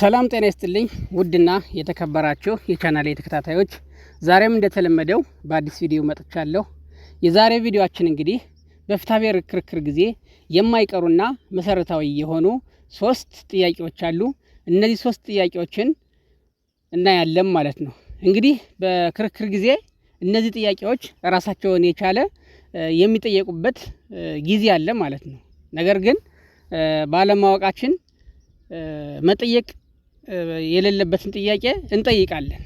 ሰላም ጤና ይስጥልኝ ውድና የተከበራችሁ የቻናሌ ተከታታዮች፣ ዛሬም እንደተለመደው በአዲስ ቪዲዮ መጥቻለሁ። የዛሬ ቪዲዮአችን እንግዲህ በፍትሐብሔር ክርክር ጊዜ የማይቀሩና መሰረታዊ የሆኑ ሶስት ጥያቄዎች አሉ። እነዚህ ሶስት ጥያቄዎችን እናያለን ማለት ነው። እንግዲህ በክርክር ጊዜ እነዚህ ጥያቄዎች ራሳቸውን የቻለ የሚጠየቁበት ጊዜ አለ ማለት ነው። ነገር ግን ባለማወቃችን መጠየቅ የሌለበትን ጥያቄ እንጠይቃለን።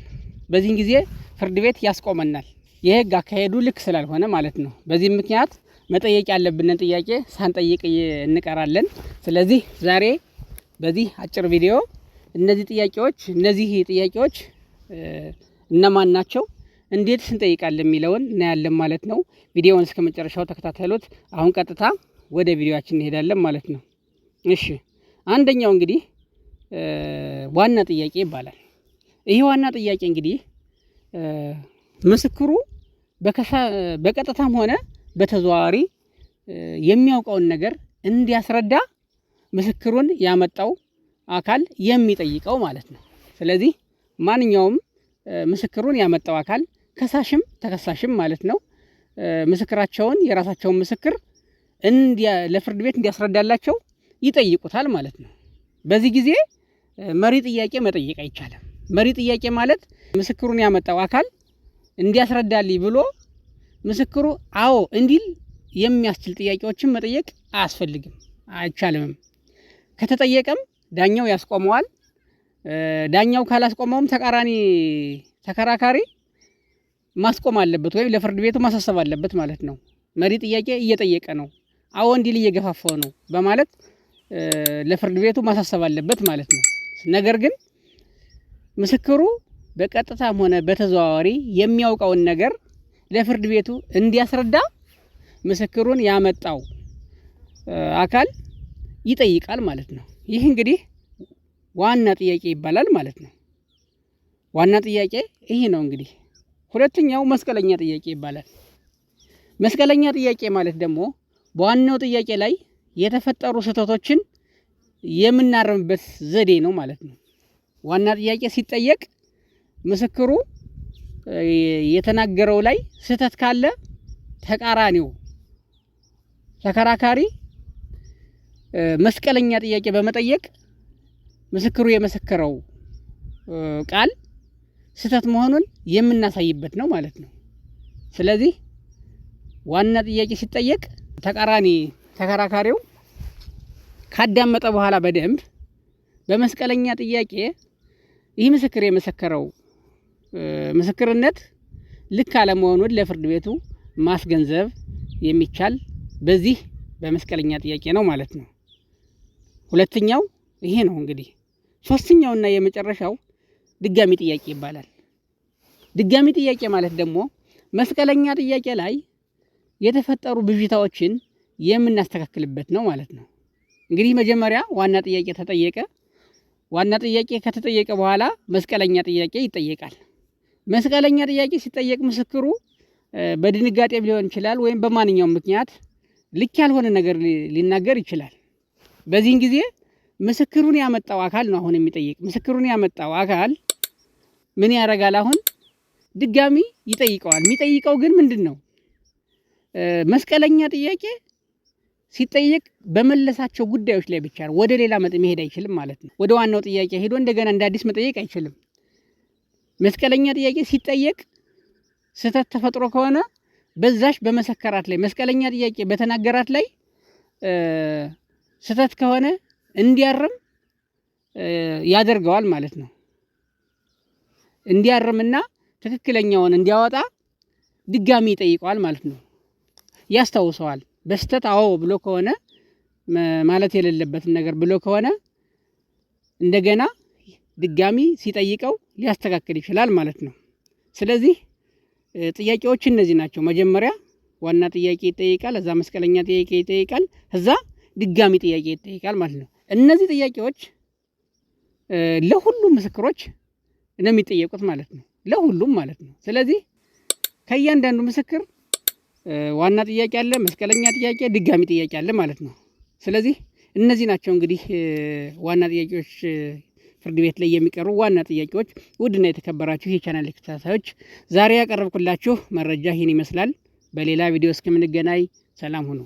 በዚህን ጊዜ ፍርድ ቤት ያስቆመናል። የህግ አካሄዱ ልክ ስላልሆነ ማለት ነው። በዚህ ምክንያት መጠየቅ ያለብንን ጥያቄ ሳንጠይቅ እንቀራለን። ስለዚህ ዛሬ በዚህ አጭር ቪዲዮ እነዚህ ጥያቄዎች እነዚህ ጥያቄዎች እነማን ናቸው፣ እንዴት እንጠይቃለን የሚለውን እናያለን ማለት ነው። ቪዲዮውን እስከ መጨረሻው ተከታተሉት። አሁን ቀጥታ ወደ ቪዲዮችን እንሄዳለን ማለት ነው። እሺ አንደኛው እንግዲህ ዋና ጥያቄ ይባላል። ይሄ ዋና ጥያቄ እንግዲህ ምስክሩ በቀጥታም ሆነ በተዘዋዋሪ የሚያውቀውን ነገር እንዲያስረዳ ምስክሩን ያመጣው አካል የሚጠይቀው ማለት ነው። ስለዚህ ማንኛውም ምስክሩን ያመጣው አካል ከሳሽም ተከሳሽም ማለት ነው ምስክራቸውን የራሳቸውን ምስክር ለፍርድ ቤት እንዲያስረዳላቸው ይጠይቁታል ማለት ነው። በዚህ ጊዜ መሪ ጥያቄ መጠየቅ አይቻልም። መሪ ጥያቄ ማለት ምስክሩን ያመጣው አካል እንዲያስረዳልኝ ብሎ ምስክሩ አዎ እንዲል የሚያስችል ጥያቄዎችን መጠየቅ አያስፈልግም፣ አይቻልምም። ከተጠየቀም ዳኛው ያስቆመዋል። ዳኛው ካላስቆመውም ተቃራኒ ተከራካሪ ማስቆም አለበት ወይም ለፍርድ ቤቱ ማሳሰብ አለበት ማለት ነው። መሪ ጥያቄ እየጠየቀ ነው፣ አዎ እንዲል እየገፋፈው ነው በማለት ለፍርድ ቤቱ ማሳሰብ አለበት ማለት ነው። ነገር ግን ምስክሩ በቀጥታም ሆነ በተዘዋዋሪ የሚያውቀውን ነገር ለፍርድ ቤቱ እንዲያስረዳ ምስክሩን ያመጣው አካል ይጠይቃል ማለት ነው። ይህ እንግዲህ ዋና ጥያቄ ይባላል ማለት ነው። ዋና ጥያቄ ይህ ነው እንግዲህ። ሁለተኛው መስቀለኛ ጥያቄ ይባላል። መስቀለኛ ጥያቄ ማለት ደግሞ በዋናው ጥያቄ ላይ የተፈጠሩ ስህተቶችን የምናርምበት ዘዴ ነው ማለት ነው። ዋና ጥያቄ ሲጠየቅ ምስክሩ የተናገረው ላይ ስህተት ካለ ተቃራኒው ተከራካሪ መስቀለኛ ጥያቄ በመጠየቅ ምስክሩ የመሰከረው ቃል ስህተት መሆኑን የምናሳይበት ነው ማለት ነው። ስለዚህ ዋና ጥያቄ ሲጠየቅ ተቃራኒ ተከራካሪው ካዳመጠ በኋላ በደንብ በመስቀለኛ ጥያቄ ይህ ምስክር የመሰከረው ምስክርነት ልክ አለመሆኑን ለፍርድ ቤቱ ማስገንዘብ የሚቻል በዚህ በመስቀለኛ ጥያቄ ነው ማለት ነው። ሁለተኛው ይሄ ነው እንግዲህ። ሶስተኛውና የመጨረሻው ድጋሚ ጥያቄ ይባላል። ድጋሚ ጥያቄ ማለት ደግሞ መስቀለኛ ጥያቄ ላይ የተፈጠሩ ብዥታዎችን የምናስተካክልበት ነው ማለት ነው። እንግዲህ መጀመሪያ ዋና ጥያቄ ተጠየቀ። ዋና ጥያቄ ከተጠየቀ በኋላ መስቀለኛ ጥያቄ ይጠየቃል። መስቀለኛ ጥያቄ ሲጠየቅ ምስክሩ በድንጋጤም ሊሆን ይችላል፣ ወይም በማንኛውም ምክንያት ልክ ያልሆነ ነገር ሊናገር ይችላል። በዚህን ጊዜ ምስክሩን ያመጣው አካል ነው አሁን የሚጠይቅ። ምስክሩን ያመጣው አካል ምን ያደርጋል? አሁን ድጋሚ ይጠይቀዋል። የሚጠይቀው ግን ምንድን ነው? መስቀለኛ ጥያቄ ሲጠየቅ በመለሳቸው ጉዳዮች ላይ ብቻ ነው። ወደ ሌላ መሄድ አይችልም ማለት ነው። ወደ ዋናው ጥያቄ ሄዶ እንደገና እንደ አዲስ መጠየቅ አይችልም። መስቀለኛ ጥያቄ ሲጠየቅ ስህተት ተፈጥሮ ከሆነ በዛሽ በመሰከራት ላይ መስቀለኛ ጥያቄ በተናገራት ላይ ስህተት ከሆነ እንዲያርም ያደርገዋል ማለት ነው። እንዲያርምና ትክክለኛውን እንዲያወጣ ድጋሚ ይጠይቀዋል ማለት ነው። ያስታውሰዋል። በስተት አዎ ብሎ ከሆነ ማለት የሌለበትን ነገር ብሎ ከሆነ እንደገና ድጋሚ ሲጠይቀው ሊያስተካክል ይችላል ማለት ነው። ስለዚህ ጥያቄዎች እነዚህ ናቸው። መጀመሪያ ዋና ጥያቄ ይጠይቃል፣ እዛ መስቀለኛ ጥያቄ ይጠይቃል፣ እዛ ድጋሚ ጥያቄ ይጠይቃል ማለት ነው። እነዚህ ጥያቄዎች ለሁሉም ምስክሮች ነው የሚጠየቁት ማለት ነው። ለሁሉም ማለት ነው። ስለዚህ ከእያንዳንዱ ምስክር ዋና ጥያቄ አለ፣ መስቀለኛ ጥያቄ፣ ድጋሚ ጥያቄ አለ ማለት ነው። ስለዚህ እነዚህ ናቸው እንግዲህ ዋና ጥያቄዎች ፍርድ ቤት ላይ የሚቀርቡ ዋና ጥያቄዎች። ውድና የተከበራችሁ የቻናል ተከታታዮች ዛሬ ያቀረብኩላችሁ መረጃ ይህን ይመስላል። በሌላ ቪዲዮ እስከምንገናኝ ሰላም ሁኑ።